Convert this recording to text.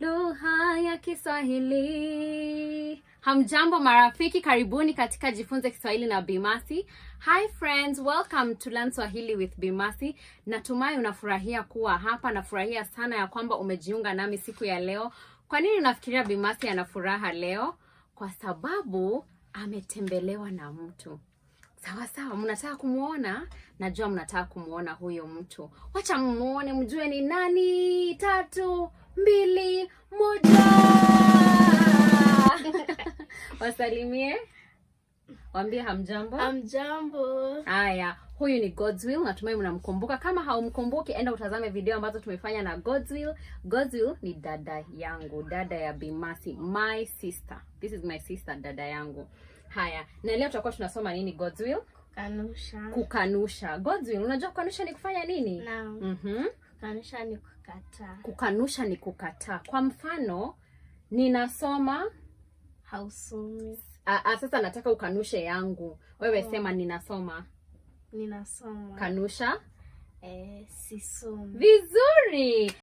Lugha ya Kiswahili. Hamjambo marafiki, karibuni katika Jifunze Kiswahili na Bimasi. Hi friends, welcome to Learn Swahili with Bimasi. Natumai unafurahia kuwa hapa, nafurahia sana ya kwamba umejiunga nami siku ya leo. Kwa nini unafikiria Bimasi ana furaha leo? Kwa sababu ametembelewa na mtu. Sawa sawa, mnataka kumwona? Najua mnataka kumwona huyo mtu. Wacha mmuone, mjue ni nani. Tatu, wasalimie Wambie hamjambo. Hamjambo. Haya, huyu ni Godswill, natumai mnamkumbuka. Kama haumkumbuki, enda utazame video ambazo tumefanya na Godswill. Godswill ni dada yangu, dada ya Bimasi, my sister. This is my sister, dada yangu. Haya, na leo tutakuwa tunasoma nini Godswill? Kukanusha. Kukanusha. Godswill, unajua kukanusha ni kufanya nini? Naam. Mhm. Mm Kukanusha ni kukataa. Kukanusha ni kukataa. Kwa mfano, ninasoma Hausomi. Ah, ah, sasa nataka ukanushe yangu. Wewe oh. Sema ninasoma. Ninasoma. Kanusha. Eh, sisomi. Vizuri.